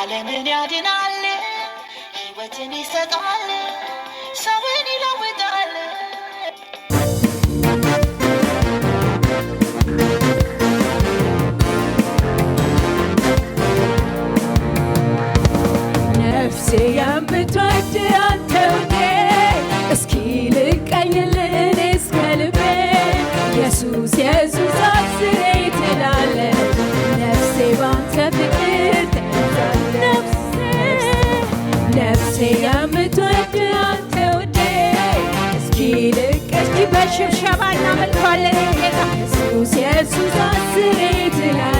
ዓለምን ያድናል፣ ሕይወትን ይሰጣል፣ ሰውን ይለውጣል። ነፍሴ የምትወድ አንተው እስኪ በሽብሸባ እናመልካለን ጌታ ኢየሱስ ኢየሱስ አስሬ ትላል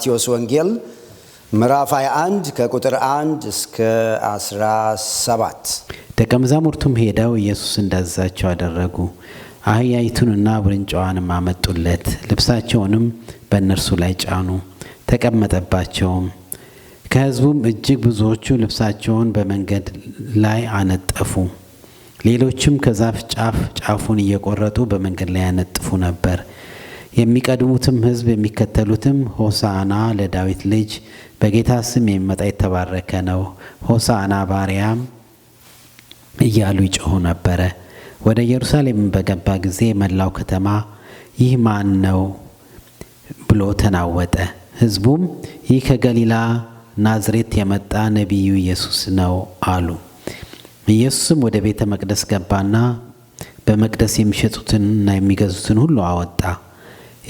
ማቴዎስ ወንጌል ምዕራፍ 21 ከቁጥር 1 እስከ 17። ደቀ መዛሙርቱም ሄደው ኢየሱስ እንዳዘዛቸው አደረጉ። አህያይቱንና ውርንጫዋንም አመጡለት፣ ልብሳቸውንም በእነርሱ ላይ ጫኑ፣ ተቀመጠባቸውም። ከሕዝቡም እጅግ ብዙዎቹ ልብሳቸውን በመንገድ ላይ አነጠፉ። ሌሎችም ከዛፍ ጫፍ ጫፉን እየቆረጡ በመንገድ ላይ ያነጥፉ ነበር። የሚቀድሙትም ህዝብ የሚከተሉትም ሆሳና ለዳዊት ልጅ በጌታ ስም የሚመጣ የተባረከ ነው፣ ሆሳና ባሪያም እያሉ ይጮሆ ነበረ። ወደ ኢየሩሳሌም በገባ ጊዜ መላው ከተማ ይህ ማን ነው ብሎ ተናወጠ። ህዝቡም ይህ ከገሊላ ናዝሬት የመጣ ነቢዩ ኢየሱስ ነው አሉ። ኢየሱስም ወደ ቤተ መቅደስ ገባና በመቅደስ የሚሸጡትንና የሚገዙትን ሁሉ አወጣ።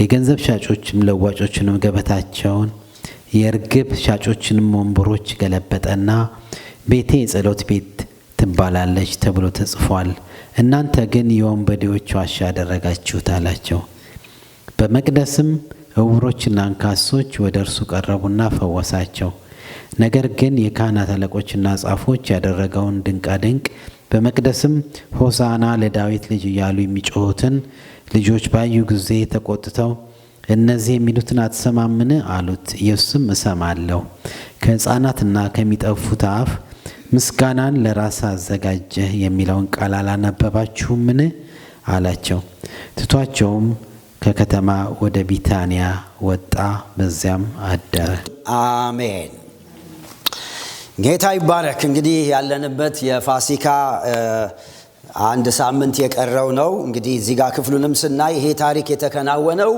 የገንዘብ ሻጮችም ለዋጮችንም ገበታቸውን የእርግብ ሻጮችንም ወንበሮች ገለበጠና ቤቴ የጸሎት ቤት ትባላለች ተብሎ ተጽፏል፣ እናንተ ግን የወንበዴዎች ዋሻ አደረጋችሁት አላቸው። በመቅደስም እውሮችና አንካሶች ወደ እርሱ ቀረቡና ፈወሳቸው። ነገር ግን የካህናት አለቆችና ጻፎች ያደረገውን ድንቃ ድንቅ በመቅደስም ሆሳና ለዳዊት ልጅ እያሉ የሚጮሁትን ልጆች ባዩ ጊዜ ተቆጥተው እነዚህ የሚሉትን አትሰማምን አሉት። ኢየሱስም እሰማለሁ፣ ከሕፃናትና ከሚጠፉት አፍ ምስጋናን ለራስ አዘጋጀ የሚለውን ቃል አላነበባችሁምን አላቸው። ትቷቸውም ከከተማ ወደ ቢታንያ ወጣ፣ በዚያም አደረ። አሜን። ጌታ ይባረክ። እንግዲህ ያለንበት የፋሲካ አንድ ሳምንት የቀረው ነው። እንግዲህ እዚህ ጋር ክፍሉንም ስናይ ይሄ ታሪክ የተከናወነው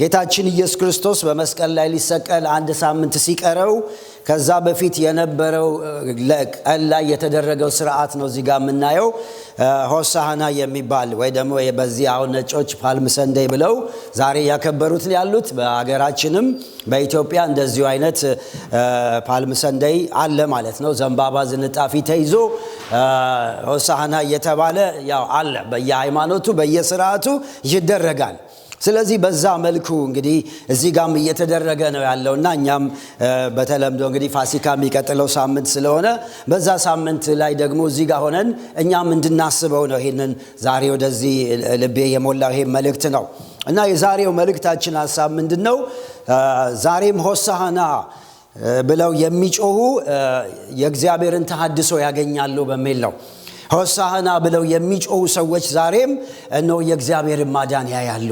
ጌታችን ኢየሱስ ክርስቶስ በመስቀል ላይ ሊሰቀል አንድ ሳምንት ሲቀረው ከዛ በፊት የነበረው ቀን ላይ የተደረገው ስርዓት ነው እዚጋ የምናየው። ሆሳህና የሚባል ወይ ደግሞ በዚህ አሁን ነጮች ፓልም ሰንደይ ብለው ዛሬ ያከበሩት ያሉት በሀገራችንም በኢትዮጵያ እንደዚሁ አይነት ፓልም ሰንደይ አለ ማለት ነው። ዘንባባ ዝንጣፊ ተይዞ ሆሳህና እየተባለ ያው አለ። በየሃይማኖቱ በየስርዓቱ ይደረጋል። ስለዚህ በዛ መልኩ እንግዲህ እዚህ ጋም እየተደረገ ነው ያለው እና እኛም በተለምዶ እንግዲህ ፋሲካ የሚቀጥለው ሳምንት ስለሆነ በዛ ሳምንት ላይ ደግሞ እዚህ ጋር ሆነን እኛም እንድናስበው ነው። ይህንን ዛሬ ወደዚህ ልቤ የሞላው ይሄ መልእክት ነው እና የዛሬው መልእክታችን ሀሳብ ምንድን ነው? ዛሬም ሆሳና ብለው የሚጮሁ የእግዚአብሔርን ተሃድሶ ያገኛሉ በሚል ነው። ሆሳህና ብለው የሚጮው ሰዎች ዛሬም እነሆ የእግዚአብሔርን ማዳን ያያሉ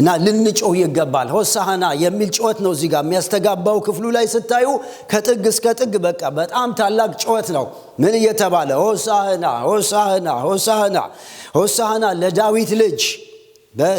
እና ልንጮው ይገባል። ሆሳህና የሚል ጩኸት ነው እዚህ ጋር የሚያስተጋባው። ክፍሉ ላይ ስታዩ ከጥግ እስከ ጥግ በቃ በጣም ታላቅ ጩኸት ነው። ምን እየተባለ ሆሳህና ሆሳህና ሆሳህና ሆሳህና ለዳዊት ልጅ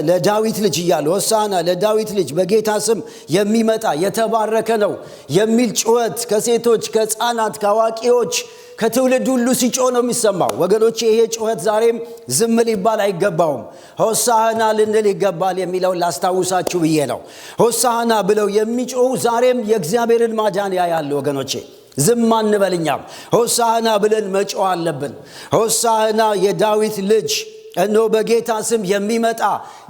ለዳዊት ልጅ እያለ ወሳና ለዳዊት ልጅ በጌታ ስም የሚመጣ የተባረከ ነው የሚል ጩኸት ከሴቶች፣ ከሕፃናት፣ ከአዋቂዎች ከትውልድ ሁሉ ሲጮ ነው የሚሰማው። ወገኖች ይሄ ጩኸት ዛሬም ዝም ሊባል አይገባውም። ሆሳህና ልንል ይገባል የሚለውን ላስታውሳችሁ ብዬ ነው። ሆሳህና ብለው የሚጮሁ ዛሬም የእግዚአብሔርን ማዳን ያያሉ ወገኖቼ። ዝም አንበልኛም ሆሳህና ብለን መጮ አለብን። ሆሳህና የዳዊት ልጅ እኖ በጌታ ስም የሚመጣ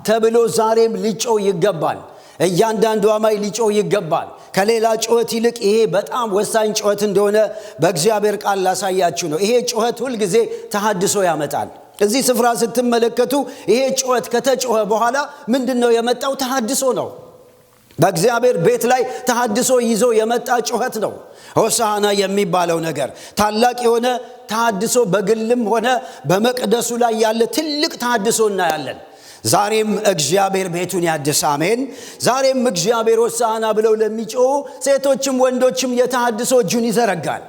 ተብሎ ዛሬም ሊጮ ይገባል። እያንዳንዱ አማይ ሊጮ ይገባል። ከሌላ ጩኸት ይልቅ ይሄ በጣም ወሳኝ ጩኸት እንደሆነ በእግዚአብሔር ቃል ላሳያችሁ ነው። ይሄ ጩኸት ሁልጊዜ ተሃድሶ ያመጣል። እዚህ ስፍራ ስትመለከቱ ይሄ ጩኸት ከተጮኸ በኋላ ምንድን ነው የመጣው? ተሃድሶ ነው። በእግዚአብሔር ቤት ላይ ተሃድሶ ይዞ የመጣ ጩኸት ነው ሆሳና የሚባለው ነገር። ታላቅ የሆነ ተሃድሶ በግልም ሆነ በመቅደሱ ላይ ያለ ትልቅ ተሃድሶ እናያለን። ዛሬም እግዚአብሔር ቤቱን ያድስ፣ አሜን። ዛሬም እግዚአብሔር ሆሳዕና ብለው ለሚጮ ሴቶችም ወንዶችም የተሃድሶ እጁን ይዘረጋል።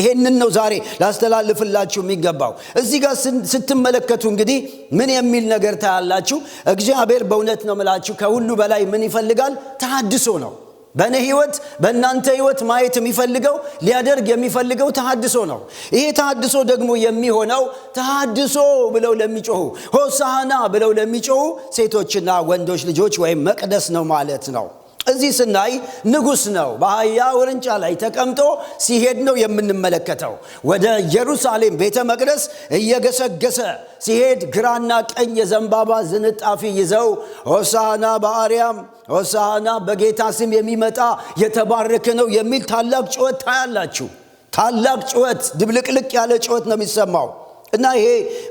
ይሄንን ነው ዛሬ ላስተላልፍላችሁ የሚገባው። እዚህ ጋር ስትመለከቱ እንግዲህ ምን የሚል ነገር ታያላችሁ? እግዚአብሔር በእውነት ነው ምላችሁ ከሁሉ በላይ ምን ይፈልጋል? ተሃድሶ ነው። በእኔ ህይወት በእናንተ ህይወት ማየት የሚፈልገው ሊያደርግ የሚፈልገው ተሃድሶ ነው። ይሄ ተሃድሶ ደግሞ የሚሆነው ተሃድሶ ብለው ለሚጮሁ ሆሳና ብለው ለሚጮሁ ሴቶችና ወንዶች ልጆች ወይም መቅደስ ነው ማለት ነው። እዚህ ስናይ ንጉስ ነው። በአህያ ውርንጫ ላይ ተቀምጦ ሲሄድ ነው የምንመለከተው። ወደ ኢየሩሳሌም ቤተ መቅደስ እየገሰገሰ ሲሄድ ግራና ቀኝ የዘንባባ ዝንጣፊ ይዘው ሆሳና በአርያም ሆሳና በጌታ ስም የሚመጣ የተባረክ ነው የሚል ታላቅ ጩኸት ታያላችሁ። ታላቅ ጩኸት፣ ድብልቅልቅ ያለ ጩኸት ነው የሚሰማው። እና ይሄ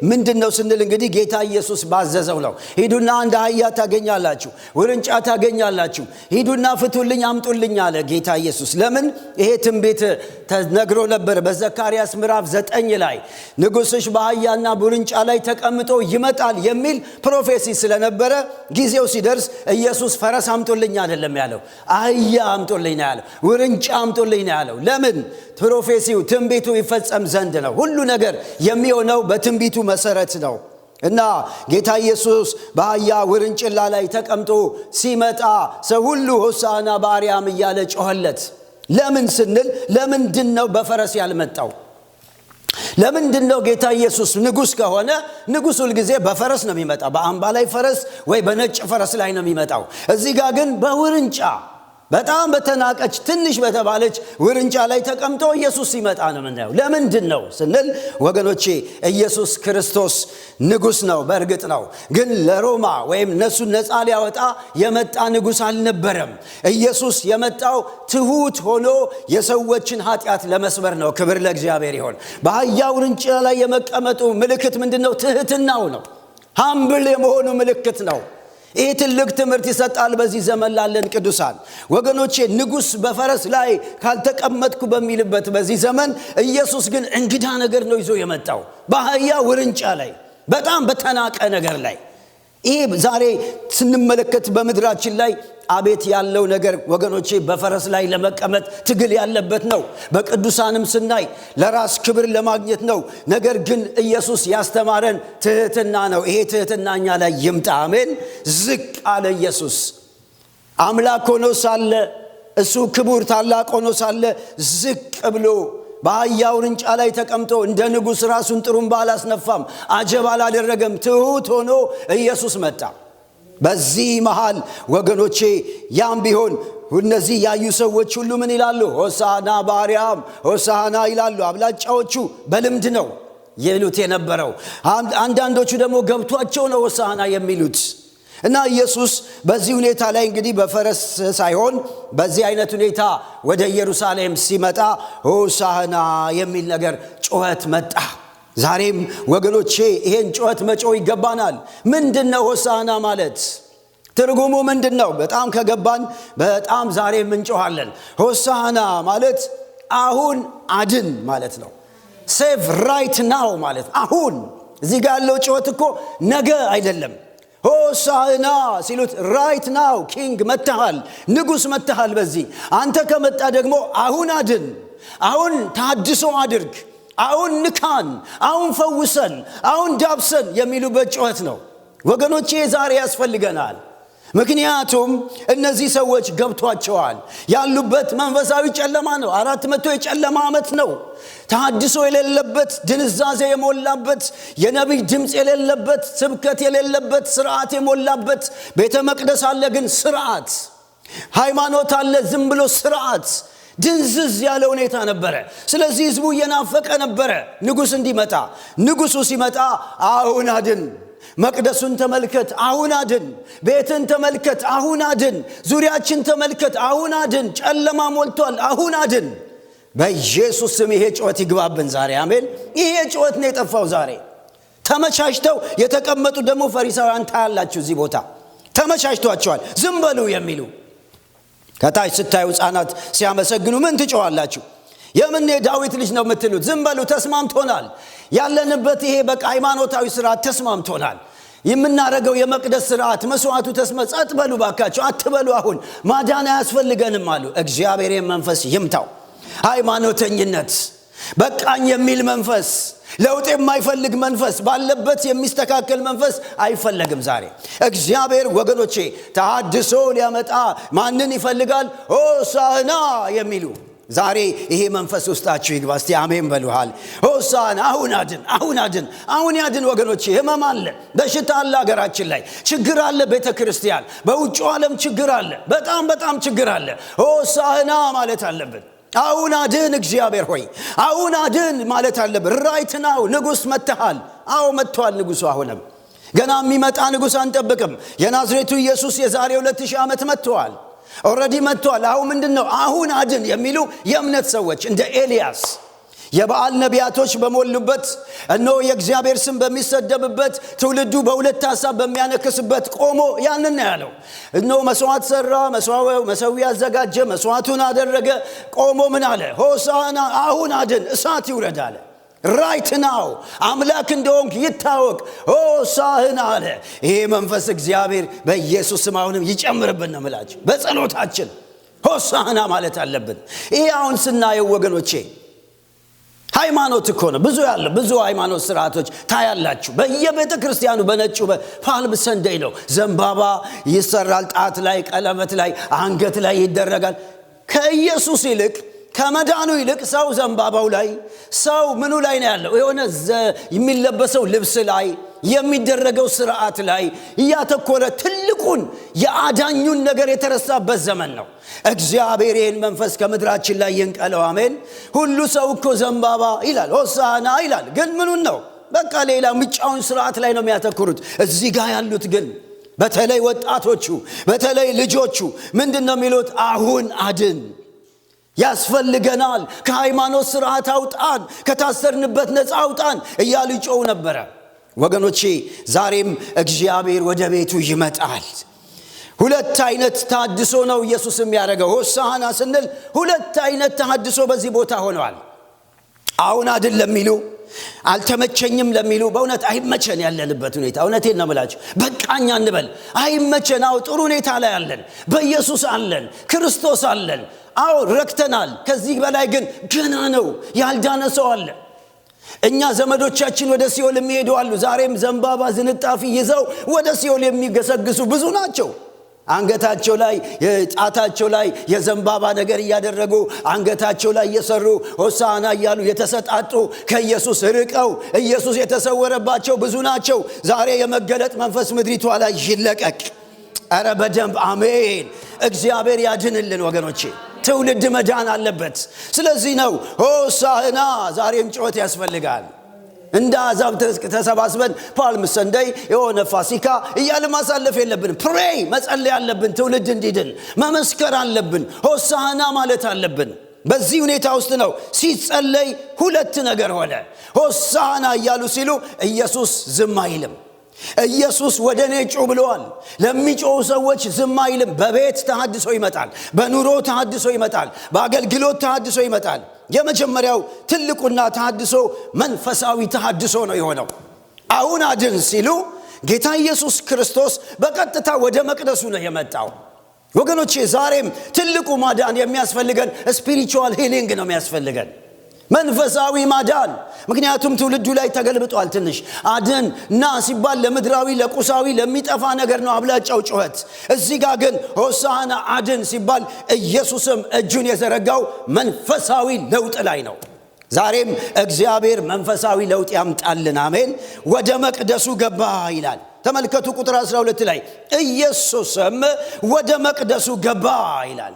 ምንድን ነው ስንል እንግዲህ ጌታ ኢየሱስ ባዘዘው ነው። ሂዱና አንድ አህያ ታገኛላችሁ፣ ውርንጫ ታገኛላችሁ፣ ሂዱና ፍቱልኝ፣ አምጡልኝ አለ ጌታ ኢየሱስ። ለምን ይሄ ትንቢት ተነግሮ ነበር በዘካርያስ ምዕራፍ ዘጠኝ ላይ ንጉሥሽ በአህያና ቡርንጫ ላይ ተቀምጦ ይመጣል የሚል ፕሮፌሲ ስለነበረ ጊዜው ሲደርስ ኢየሱስ ፈረስ አምጡልኝ አይደለም ያለው፣ አህያ አምጡልኝ ነው ያለው፣ ውርንጫ አምጡልኝ ነው ያለው። ለምን ፕሮፌሲው ትንቢቱ ይፈጸም ዘንድ ነው። ሁሉ ነገር የሚሆን የሆነው በትንቢቱ መሰረት ነው እና ጌታ ኢየሱስ በአህያ ውርንጭላ ላይ ተቀምጦ ሲመጣ ሰው ሁሉ ሆሳና ባርያም እያለ ጮኸለት። ለምን ስንል ለምንድን ነው በፈረስ ያልመጣው? ለምንድን ነው ጌታ ኢየሱስ ንጉሥ ከሆነ ንጉሥ ሁልጊዜ በፈረስ ነው የሚመጣው። በአምባ ላይ ፈረስ ወይ በነጭ ፈረስ ላይ ነው የሚመጣው። እዚህ ጋር ግን በውርንጫ በጣም በተናቀች ትንሽ በተባለች ውርንጫ ላይ ተቀምጦ ኢየሱስ ሲመጣ ነው ምናየው ለምንድን ነው ስንል ወገኖቼ ኢየሱስ ክርስቶስ ንጉሥ ነው። በእርግጥ ነው ግን ለሮማ ወይም እነሱን ነፃ ሊያወጣ የመጣ ንጉሥ አልነበረም። ኢየሱስ የመጣው ትሑት ሆኖ የሰዎችን ኃጢአት ለመስበር ነው። ክብር ለእግዚአብሔር ይሆን። በአህያ ውርንጫ ላይ የመቀመጡ ምልክት ምንድን ነው? ትህትናው ነው። ሀምብል የመሆኑ ምልክት ነው። ይህ ትልቅ ትምህርት ይሰጣል በዚህ ዘመን ላለን ቅዱሳን ወገኖቼ። ንጉሥ በፈረስ ላይ ካልተቀመጥኩ በሚልበት በዚህ ዘመን ኢየሱስ ግን እንግዳ ነገር ነው ይዞ የመጣው በአህያ ውርንጫ ላይ በጣም በተናቀ ነገር ላይ ይህ ዛሬ ስንመለከት በምድራችን ላይ አቤት ያለው ነገር ወገኖቼ በፈረስ ላይ ለመቀመጥ ትግል ያለበት ነው። በቅዱሳንም ስናይ ለራስ ክብር ለማግኘት ነው። ነገር ግን ኢየሱስ ያስተማረን ትህትና ነው። ይሄ ትህትና እኛ ላይ ይምጣ። አሜን። ዝቅ አለ ኢየሱስ አምላክ ሆኖ ሳለ እሱ ክቡር ታላቅ ሆኖ ሳለ ዝቅ ብሎ በአህያ ውርንጫ ላይ ተቀምጦ እንደ ንጉሥ ራሱን ጥሩምባ አላስነፋም፣ አጀብ አላደረገም። ትሑት ሆኖ ኢየሱስ መጣ። በዚህ መሃል ወገኖቼ ያም ቢሆን እነዚህ ያዩ ሰዎች ሁሉ ምን ይላሉ? ሆሳና ባርያም ሆሳና ይላሉ። አብላጫዎቹ በልምድ ነው ይሉት የነበረው። አንዳንዶቹ ደግሞ ገብቷቸው ነው ሆሳና የሚሉት። እና ኢየሱስ በዚህ ሁኔታ ላይ እንግዲህ በፈረስ ሳይሆን በዚህ አይነት ሁኔታ ወደ ኢየሩሳሌም ሲመጣ ሆሳና የሚል ነገር ጩኸት መጣ። ዛሬም ወገኖቼ ይሄን ጩኸት መጮ ይገባናል። ምንድን ነው ሆሳና ማለት? ትርጉሙ ምንድን ነው? በጣም ከገባን በጣም ዛሬም እንጮኋለን። ሆሳና ማለት አሁን አድን ማለት ነው። ሴቭ ራይት ናው ማለት አሁን። እዚህ ጋር ያለው ጩኸት እኮ ነገ አይደለም። ሆሳና ሲሉት ራይት ናው ኪንግ መተሃል ንጉሥ መተሃል በዚህ አንተ ከመጣ ደግሞ አሁን አድን፣ አሁን ታድሶ አድርግ አሁን ንካን፣ አሁን ፈውሰን፣ አሁን ዳብሰን የሚሉበት ጩኸት ነው። ወገኖቼ ዛሬ ያስፈልገናል። ምክንያቱም እነዚህ ሰዎች ገብቷቸዋል። ያሉበት መንፈሳዊ ጨለማ ነው። አራት መቶ የጨለማ ዓመት ነው። ተሃድሶ የሌለበት ድንዛዜ የሞላበት የነቢይ ድምፅ የሌለበት ስብከት የሌለበት ስርዓት የሞላበት ቤተ መቅደስ አለ፣ ግን ስርዓት ሃይማኖት አለ፣ ዝም ብሎ ስርዓት ድንዝዝ ያለ ሁኔታ ነበረ። ስለዚህ ህዝቡ እየናፈቀ ነበረ ንጉሥ እንዲመጣ። ንጉሡ ሲመጣ አሁን አድን፣ መቅደሱን ተመልከት፣ አሁን አድን፣ ቤትን ተመልከት፣ አሁን አድን፣ ዙሪያችን ተመልከት፣ አሁን አድን፣ ጨለማ ሞልቷል፣ አሁን አድን። በኢየሱስ ስም ይሄ ጩኸት ይግባብን ዛሬ። አሜን። ይሄ ጩኸት ነው የጠፋው ዛሬ። ተመቻችተው የተቀመጡ ደግሞ ፈሪሳውያን ታያላችሁ። እዚህ ቦታ ተመቻችቷቸዋል፣ ዝም በሉ የሚሉ ከታች ስታዩ ህፃናት ሲያመሰግኑ ምን ትጨዋላችሁ የምን ዳዊት ልጅ ነው የምትሉት? ዝም በሉ። ተስማምቶናል። ያለንበት ይሄ በቃ ሃይማኖታዊ ስርዓት ተስማምቶናል። የምናደርገው የመቅደስ ስርዓት መስዋዕቱ ተስመ ጸጥ በሉ ባካቸው፣ አትበሉ። አሁን ማዳን አያስፈልገንም አሉ። እግዚአብሔር መንፈስ ይምታው ሃይማኖተኝነት በቃኝ የሚል መንፈስ፣ ለውጥ የማይፈልግ መንፈስ፣ ባለበት የሚስተካከል መንፈስ አይፈለግም። ዛሬ እግዚአብሔር ወገኖቼ ተሃድሶ ሊያመጣ ማንን ይፈልጋል? ሆሳዕና የሚሉ ዛሬ ይሄ መንፈስ ውስጣችሁ ይግባ። እስቲ አሜን በልሃል ሆሳን አሁን አድን፣ አሁን አድን፣ አሁን ያድን ወገኖች ህመም አለ፣ በሽታ አለ፣ ሀገራችን ላይ ችግር አለ፣ ቤተ ክርስቲያን፣ በውጭ ዓለም ችግር አለ፣ በጣም በጣም ችግር አለ። ሆሳህና ማለት አለብን። አሁን አድን እግዚአብሔር ሆይ አሁን አድን ማለት አለብ ራይት ናው ንጉሥ መጥተሃል። አዎ መጥተዋል ንጉሱ አሁንም ገና የሚመጣ ንጉሥ አንጠብቅም። የናዝሬቱ ኢየሱስ የዛሬ 2000 ሺህ ዓመት መጥተዋል። ኦልሬዲ መጥተዋል። አሁን ምንድን ነው አሁን አድን የሚሉ የእምነት ሰዎች እንደ ኤልያስ የበዓል ነቢያቶች በሞሉበት እነሆ የእግዚአብሔር ስም በሚሰደብበት ትውልዱ በሁለት ሀሳብ በሚያነክስበት ቆሞ ያንን ነው ያለው። እነሆ መስዋዕት ሰራ፣ መሰዊ አዘጋጀ፣ መስዋዕቱን አደረገ። ቆሞ ምን አለ? ሆሳና አሁን አድን፣ እሳት ይውረድ አለ። ራይት ናው አምላክ እንደሆንክ ይታወቅ፣ ሆሳህን አለ። ይሄ መንፈስ እግዚአብሔር በኢየሱስ ስም አሁንም ይጨምርብን ነው ምላቸው። በጸሎታችን ሆሳህና ማለት አለብን። ይህ አሁን ስናየው ወገኖቼ ሃይማኖት እኮ ነው። ብዙ ያለ ብዙ ሃይማኖት ስርዓቶች ታያላችሁ። በየቤተ ክርስቲያኑ በነጩ በፓልም ሰንደይ ነው ዘንባባ ይሰራል፣ ጣት ላይ፣ ቀለበት ላይ፣ አንገት ላይ ይደረጋል። ከኢየሱስ ይልቅ ከመዳኑ ይልቅ ሰው ዘንባባው ላይ ሰው ምኑ ላይ ነው ያለው? የሆነ የሚለበሰው ልብስ ላይ የሚደረገው ስርዓት ላይ እያተኮረ ትልቅ ትልቁን የአዳኙን ነገር የተረሳበት ዘመን ነው። እግዚአብሔር ይህን መንፈስ ከምድራችን ላይ ይንቀለው። አሜን። ሁሉ ሰው እኮ ዘንባባ ይላል፣ ሆሳና ይላል። ግን ምኑን ነው? በቃ ሌላ ምጫውን ስርዓት ላይ ነው የሚያተኩሩት። እዚህ ጋር ያሉት ግን በተለይ ወጣቶቹ፣ በተለይ ልጆቹ ምንድን ነው የሚሉት? አሁን አድን ያስፈልገናል፣ ከሃይማኖት ስርዓት አውጣን፣ ከታሰርንበት ነፃ አውጣን እያሉ ይጮው ነበረ። ወገኖቼ ዛሬም እግዚአብሔር ወደ ቤቱ ይመጣል። ሁለት አይነት ታድሶ ነው ኢየሱስ የሚያደርገው። ሆሳዕና ስንል ሁለት አይነት ታድሶ በዚህ ቦታ ሆነዋል። አሁን አድል ለሚሉ አልተመቸኝም ለሚሉ በእውነት አይመቸን ያለንበት ሁኔታ እውነቴን ነው ብላችሁ በቃኛ እንበል። አይመቸን። አው ጥሩ ሁኔታ ላይ አለን፣ በኢየሱስ አለን፣ ክርስቶስ አለን። አው ረክተናል። ከዚህ በላይ ግን ገና ነው። ያልዳነ ሰው አለን እኛ ዘመዶቻችን ወደ ሲኦል የሚሄዱ አሉ። ዛሬም ዘንባባ ዝንጣፊ ይዘው ወደ ሲኦል የሚገሰግሱ ብዙ ናቸው። አንገታቸው ላይ ጣታቸው ላይ የዘንባባ ነገር እያደረጉ አንገታቸው ላይ እየሰሩ ሆሳና እያሉ የተሰጣጡ ከኢየሱስ ርቀው ኢየሱስ የተሰወረባቸው ብዙ ናቸው። ዛሬ የመገለጥ መንፈስ ምድሪቷ ላይ ይለቀቅ። ረ በደንብ አሜን። እግዚአብሔር ያድንልን ወገኖቼ። ትውልድ መዳን አለበት። ስለዚህ ነው ሆሳህና ዛሬም ጩኸት ያስፈልጋል። እንደ አዛብ ተሰባስበን ፓልም ሰንደይ የሆነ ፋሲካ እያለ ማሳለፍ የለብን። ፕሬይ መጸለይ አለብን። ትውልድ እንዲድን መመስከር አለብን። ሆሳህና ማለት አለብን። በዚህ ሁኔታ ውስጥ ነው ሲጸለይ ሁለት ነገር ሆነ። ሆሳህና እያሉ ሲሉ ኢየሱስ ዝም አይልም። ኢየሱስ ወደ እኔ ጩ ብለዋል። ለሚጮው ሰዎች ዝም አይልም። በቤት ተሃድሶ ይመጣል። በኑሮ ተሃድሶ ይመጣል። በአገልግሎት ተሃድሶ ይመጣል። የመጀመሪያው ትልቁና ተሃድሶ መንፈሳዊ ተሃድሶ ነው የሆነው። አሁን አድን ሲሉ ጌታ ኢየሱስ ክርስቶስ በቀጥታ ወደ መቅደሱ ነው የመጣው። ወገኖቼ ዛሬም ትልቁ ማዳን የሚያስፈልገን ስፒሪቹዋል ሂሊንግ ነው የሚያስፈልገን መንፈሳዊ ማዳን። ምክንያቱም ትውልዱ ላይ ተገልብጧል። ትንሽ አድን ና ሲባል ለምድራዊ ለቁሳዊ ለሚጠፋ ነገር ነው አብላጫው ጩኸት። እዚህ ጋር ግን ሆሳና አድን ሲባል ኢየሱስም እጁን የዘረጋው መንፈሳዊ ለውጥ ላይ ነው። ዛሬም እግዚአብሔር መንፈሳዊ ለውጥ ያምጣልን። አሜን። ወደ መቅደሱ ገባ ይላል። ተመልከቱ ቁጥር 12 ላይ ኢየሱስም ወደ መቅደሱ ገባ ይላል።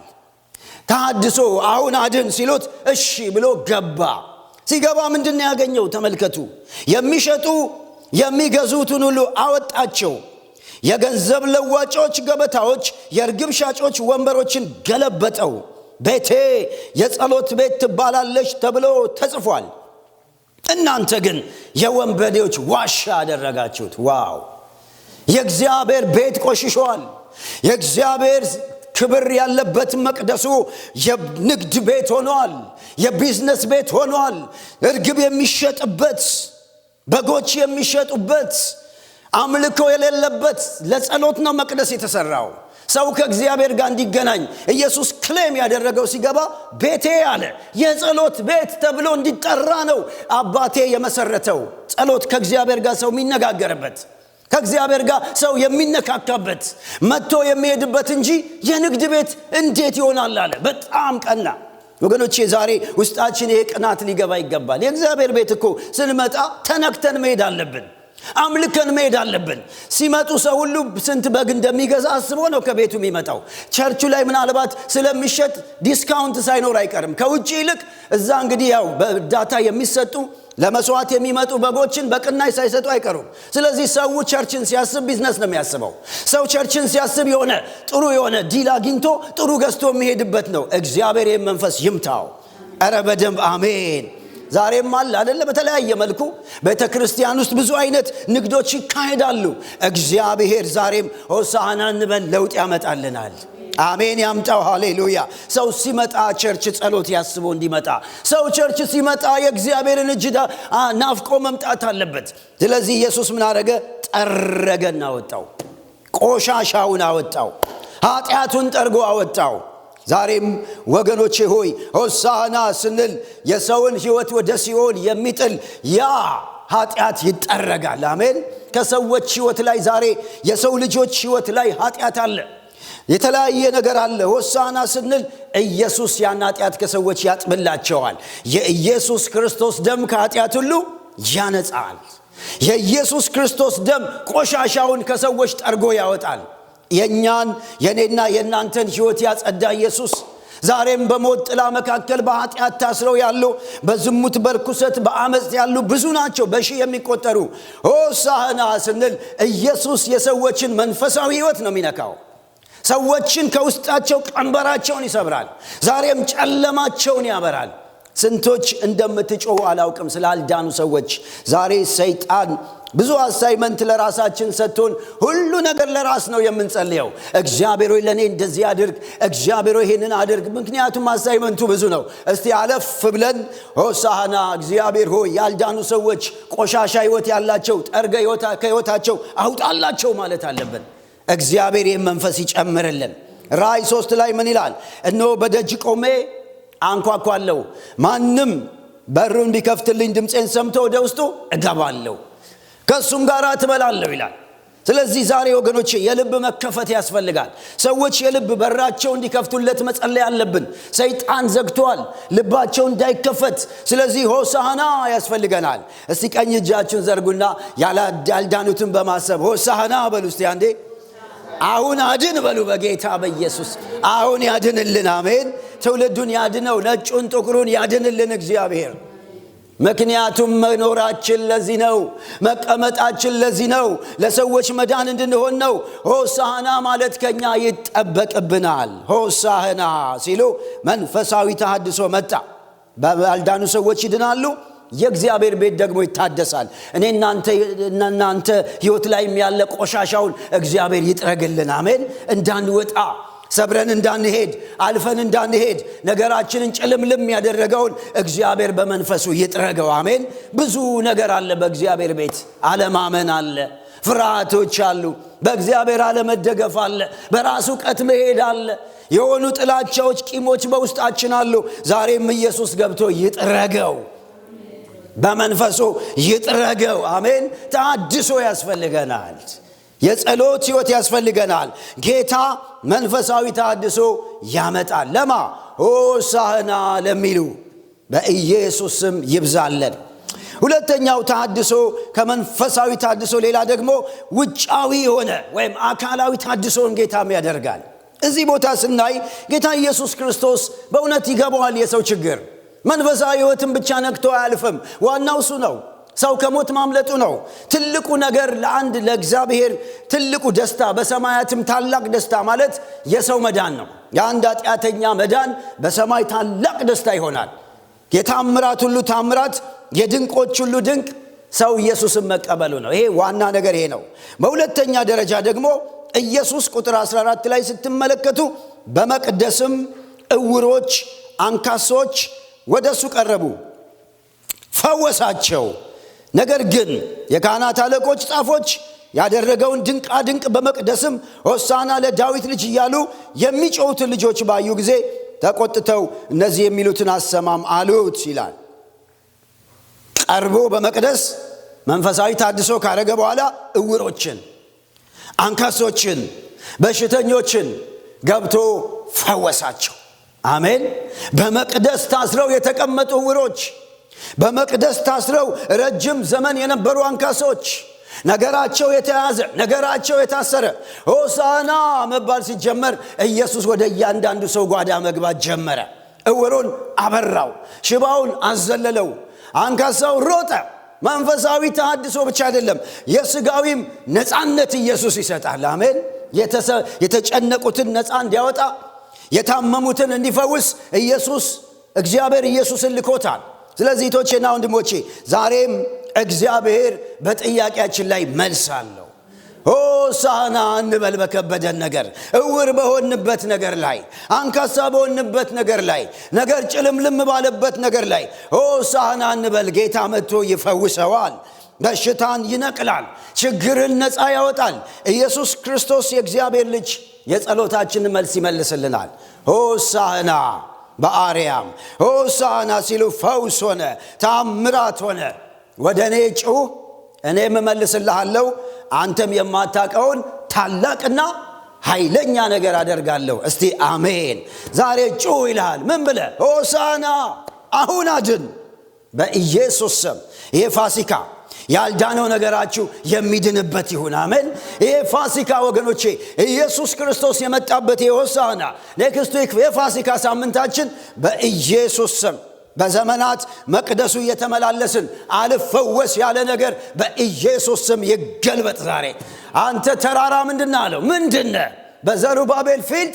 ታድሶ አሁን አድን ሲሉት እሺ ብሎ ገባ። ሲገባ ምንድን ያገኘው? ተመልከቱ። የሚሸጡ የሚገዙትን ሁሉ አወጣቸው። የገንዘብ ለዋጮች ገበታዎች፣ የርግብ ሻጮች ወንበሮችን ገለበጠው። ቤቴ የጸሎት ቤት ትባላለች ተብሎ ተጽፏል፣ እናንተ ግን የወንበዴዎች ዋሻ አደረጋችሁት። ዋው! የእግዚአብሔር ቤት ቆሽሸዋል የእግዚአብሔር ክብር ያለበት መቅደሱ የንግድ ቤት ሆኗል። የቢዝነስ ቤት ሆኗል። እርግብ የሚሸጥበት፣ በጎች የሚሸጡበት፣ አምልኮ የሌለበት ለጸሎት ነው መቅደስ የተሰራው። ሰው ከእግዚአብሔር ጋር እንዲገናኝ ኢየሱስ ክሌም ያደረገው ሲገባ ቤቴ አለ የጸሎት ቤት ተብሎ እንዲጠራ ነው አባቴ የመሰረተው። ጸሎት ከእግዚአብሔር ጋር ሰው የሚነጋገርበት ከእግዚአብሔር ጋር ሰው የሚነካካበት መጥቶ የሚሄድበት እንጂ የንግድ ቤት እንዴት ይሆናል አለ። በጣም ቀና ወገኖች ዛሬ ውስጣችን ይሄ ቅናት ሊገባ ይገባል። የእግዚአብሔር ቤት እኮ ስንመጣ ተነክተን መሄድ አለብን። አምልከን መሄድ አለብን። ሲመጡ ሰው ሁሉ ስንት በግ እንደሚገዛ አስቦ ነው ከቤቱ የሚመጣው። ቸርቹ ላይ ምናልባት ስለሚሸጥ ዲስካውንት ሳይኖር አይቀርም ከውጭ ይልቅ እዛ እንግዲህ ያው በእርዳታ የሚሰጡ ለመስዋዕት የሚመጡ በጎችን በቅናሽ ሳይሰጡ አይቀሩም። ስለዚህ ሰው ቸርችን ሲያስብ ቢዝነስ ነው የሚያስበው። ሰው ቸርችን ሲያስብ የሆነ ጥሩ የሆነ ዲል አግኝቶ ጥሩ ገዝቶ የሚሄድበት ነው። እግዚአብሔር መንፈስ ይምታው። ረ በደንብ አሜን። ዛሬም አለ አደለ? በተለያየ መልኩ ቤተ ክርስቲያን ውስጥ ብዙ አይነት ንግዶች ይካሄዳሉ። እግዚአብሔር ዛሬም ሆሳዕናን በል ለውጥ ያመጣልናል። አሜን ያምጣው። ሃሌሉያ። ሰው ሲመጣ ቸርች ጸሎት ያስቦ እንዲመጣ ሰው ቸርች ሲመጣ የእግዚአብሔርን እጅ ናፍቆ መምጣት አለበት። ስለዚህ ኢየሱስ ምን አደረገ? ጠረገን አወጣው፣ ቆሻሻውን አወጣው፣ ኃጢአቱን ጠርጎ አወጣው። ዛሬም ወገኖቼ ሆይ ሆሳና ስንል የሰውን ህይወት ወደ ሲሆን የሚጥል ያ ኃጢአት ይጠረጋል። አሜን። ከሰዎች ህይወት ላይ ዛሬ የሰው ልጆች ህይወት ላይ ኃጢአት አለ። የተለያየ ነገር አለ። ሆሳና ስንል ኢየሱስ ያን ኃጢአት ከሰዎች ያጥብላቸዋል። የኢየሱስ ክርስቶስ ደም ከኃጢአት ሁሉ ያነጻል። የኢየሱስ ክርስቶስ ደም ቆሻሻውን ከሰዎች ጠርጎ ያወጣል። የእኛን የእኔና የእናንተን ሕይወት ያጸዳ ኢየሱስ ዛሬም በሞት ጥላ መካከል በኃጢአት ታስረው ያሉ፣ በዝሙት በርኩሰት በአመፅ ያሉ ብዙ ናቸው፣ በሺህ የሚቆጠሩ ሆሳህና ስንል ኢየሱስ የሰዎችን መንፈሳዊ ሕይወት ነው የሚነካው። ሰዎችን ከውስጣቸው ቀንበራቸውን ይሰብራል። ዛሬም ጨለማቸውን ያበራል። ስንቶች እንደምትጮው አላውቅም ስላልዳኑ ሰዎች። ዛሬ ሰይጣን ብዙ አሳይመንት ለራሳችን ሰጥቶን ሁሉ ነገር ለራስ ነው የምንጸልየው። እግዚአብሔር ሆይ ለእኔ እንደዚህ አድርግ፣ እግዚአብሔር ሆይ ይህንን አድርግ። ምክንያቱም አሳይመንቱ ብዙ ነው። እስቲ አለፍ ብለን ሆሳህና እግዚአብሔር ሆይ ያልዳኑ ሰዎች ቆሻሻ ህይወት ያላቸው ጠርገ ከህይወታቸው አውጣላቸው ማለት አለብን። እግዚአብሔር ይህን መንፈስ ይጨምርልን። ራይ ሶስት ላይ ምን ይላል? እነ በደጅ ቆሜ አንኳኳለሁ፣ ማንም በሩን ቢከፍትልኝ ድምፄን ሰምቶ ወደ ውስጡ እገባለሁ፣ ከእሱም ጋር ትበላለሁ ይላል። ስለዚህ ዛሬ ወገኖች የልብ መከፈት ያስፈልጋል። ሰዎች የልብ በራቸው እንዲከፍቱለት መጸለይ አለብን። ሰይጣን ዘግቷል፣ ልባቸው እንዳይከፈት። ስለዚህ ሆሳህና ያስፈልገናል። እስቲ ቀኝ እጃችሁን ዘርጉና ያልዳኑትን በማሰብ ሆሳህና በሉስቲ አንዴ አሁን አድን በሉ በጌታ በኢየሱስ አሁን ያድንልን። አሜን። ትውልዱን ያድነው፣ ነጩን ጥቁሩን ያድንልን እግዚአብሔር። ምክንያቱም መኖራችን ለዚህ ነው፣ መቀመጣችን ለዚህ ነው፣ ለሰዎች መዳን እንድንሆን ነው። ሆሳህና ማለት ከኛ ይጠበቅብናል። ሆሳህና ሲሉ መንፈሳዊ ተሃድሶ መጣ። በባልዳኑ ሰዎች ይድናሉ። የእግዚአብሔር ቤት ደግሞ ይታደሳል። እኔ እናንተ ህይወት ላይ ያለ ቆሻሻውን እግዚአብሔር ይጥረግልን። አሜን። እንዳንወጣ ሰብረን እንዳንሄድ አልፈን እንዳንሄድ ነገራችንን ጭልምልም ያደረገውን እግዚአብሔር በመንፈሱ ይጥረገው። አሜን። ብዙ ነገር አለ በእግዚአብሔር ቤት። አለማመን አለ፣ ፍርሃቶች አሉ፣ በእግዚአብሔር አለመደገፍ አለ፣ በራሱ እውቀት መሄድ አለ፣ የሆኑ ጥላቻዎች፣ ቂሞች በውስጣችን አሉ። ዛሬም ኢየሱስ ገብቶ ይጥረገው። በመንፈሱ ይጥረገው። አሜን። ታድሶ ያስፈልገናል። የጸሎት ሕይወት ያስፈልገናል። ጌታ መንፈሳዊ ተአድሶ ያመጣል። ለማ ሆሳህና ለሚሉ በኢየሱስም ይብዛለን። ሁለተኛው ታድሶ ከመንፈሳዊ ታድሶ ሌላ ደግሞ ውጫዊ የሆነ ወይም አካላዊ ታድሶን ጌታም ያደርጋል። እዚህ ቦታ ስናይ ጌታ ኢየሱስ ክርስቶስ በእውነት ይገባዋል የሰው ችግር መንፈሳዊ ህይወትን ብቻ ነክቶ አያልፍም። ዋናው እሱ ነው። ሰው ከሞት ማምለጡ ነው። ትልቁ ነገር ለአንድ ለእግዚአብሔር ትልቁ ደስታ በሰማያትም ታላቅ ደስታ ማለት የሰው መዳን ነው። የአንድ አጢአተኛ መዳን በሰማይ ታላቅ ደስታ ይሆናል። የታምራት ሁሉ ታምራት፣ የድንቆች ሁሉ ድንቅ ሰው ኢየሱስን መቀበሉ ነው። ይሄ ዋና ነገር ይሄ ነው። በሁለተኛ ደረጃ ደግሞ ኢየሱስ ቁጥር 14 ላይ ስትመለከቱ በመቅደስም እውሮች አንካሶች ወደ እሱ ቀረቡ፣ ፈወሳቸው። ነገር ግን የካህናት አለቆች፣ ጻፎች ያደረገውን ድንቃ ድንቅ በመቅደስም ሆሳና ለዳዊት ልጅ እያሉ የሚጮሁትን ልጆች ባዩ ጊዜ ተቆጥተው እነዚህ የሚሉትን አሰማም አሉት ይላል። ቀርቦ በመቅደስ መንፈሳዊ ታድሶ ካረገ በኋላ እውሮችን፣ አንካሶችን፣ በሽተኞችን ገብቶ ፈወሳቸው። አሜን። በመቅደስ ታስረው የተቀመጡ ውሮች በመቅደስ ታስረው ረጅም ዘመን የነበሩ አንካሶች፣ ነገራቸው የተያዘ ነገራቸው የታሰረ ሆሳና መባል ሲጀመር ኢየሱስ ወደ እያንዳንዱ ሰው ጓዳ መግባት ጀመረ። እውሩን አበራው፣ ሽባውን አዘለለው፣ አንካሳው ሮጠ። መንፈሳዊ ተሃድሶ ብቻ አይደለም፣ የስጋዊም ነፃነት ኢየሱስ ይሰጣል። አሜን። የተጨነቁትን ነፃ እንዲያወጣ የታመሙትን እንዲፈውስ ኢየሱስ እግዚአብሔር ኢየሱስን ልኮታል። ስለዚህ ቶቼና ወንድሞቼ ዛሬም እግዚአብሔር በጥያቄያችን ላይ መልስ አለው። ሳህና እንበል በከበደን ነገር፣ እውር በሆንበት ነገር ላይ፣ አንካሳ በሆንበት ነገር ላይ፣ ነገር ጭልምልም ባለበት ነገር ላይ ሳህና እንበል። ጌታ መጥቶ ይፈውሰዋል። በሽታን ይነቅላል። ችግርን ነፃ ያወጣል። ኢየሱስ ክርስቶስ የእግዚአብሔር ልጅ የጸሎታችን መልስ ይመልስልናል። ሆሳህና በአርያም ሆሳህና ሲሉ ፈውስ ሆነ፣ ታምራት ሆነ። ወደ እኔ ጩ እኔ የምመልስልሃለው አንተም የማታቀውን ታላቅና ኃይለኛ ነገር አደርጋለሁ። እስቲ አሜን። ዛሬ ጩ ይልሃል። ምን ብለ ሆሳና አሁን አድን፣ በኢየሱስ ስም። ይሄ ፋሲካ ያልዳነው ነገራችሁ የሚድንበት ይሁን። አሜን። ይሄ ፋሲካ ወገኖቼ ኢየሱስ ክርስቶስ የመጣበት የሆሳዕና ኔክስት ዊክ የፋሲካ ሳምንታችን በኢየሱስ ስም በዘመናት መቅደሱ እየተመላለስን አልፈወስ ያለ ነገር በኢየሱስ ስም ይገልበጥ። ዛሬ አንተ ተራራ ምንድን አለው? ምንድነ በዘሩባቤል ፊት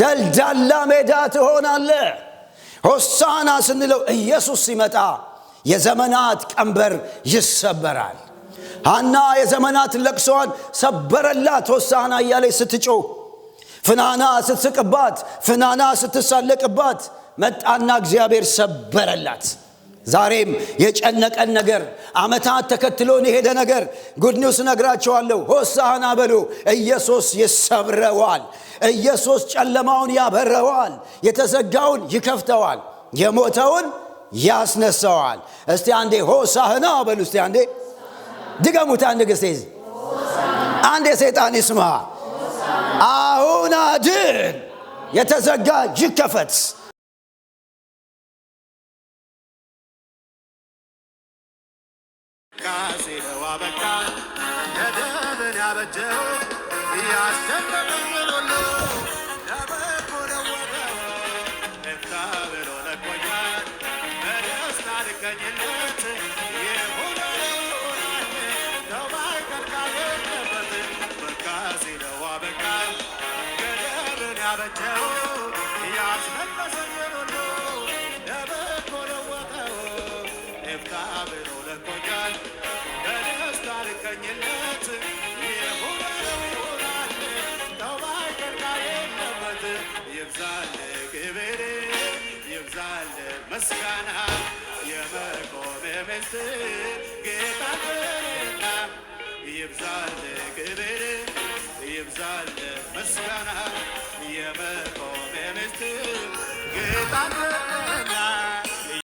ደልዳላ ሜዳ ትሆናለ። ሆሳና ስንለው ኢየሱስ ሲመጣ የዘመናት ቀንበር ይሰበራል። ሐና የዘመናት ለቅሶዋን ሰበረላት ሆሳዕና እያለች ስትጮ ፍናና ስትስቅባት፣ ፍናና ስትሳለቅባት መጣና እግዚአብሔር ሰበረላት። ዛሬም የጨነቀን ነገር አመታት ተከትሎን የሄደ ነገር ጉድ ኒውስ ነግራቸዋለሁ። ሆሳህና በሉ። ኢየሱስ ይሰብረዋል። ኢየሱስ ጨለማውን ያበረዋል። የተዘጋውን ይከፍተዋል። የሞተውን ያስነሳዋል። እስቲ አንዴ ሆሳህና በሉ። እስቲ አንዴ ድገሙት። አንድ ጊዜ አንዴ ሰይጣን ይስማ። አሁን አድን፣ የተዘጋ ይከፈት። ያበጀው ያበጀው ያስመለሰኝ ሁሉ ለበጎ ብሎ ለቆኛል። በደስታ ልገኝለት ይሆናል ይሆናል ምስጋና ምስጢር ጌታ ይብዛል ክብር and it's still get under.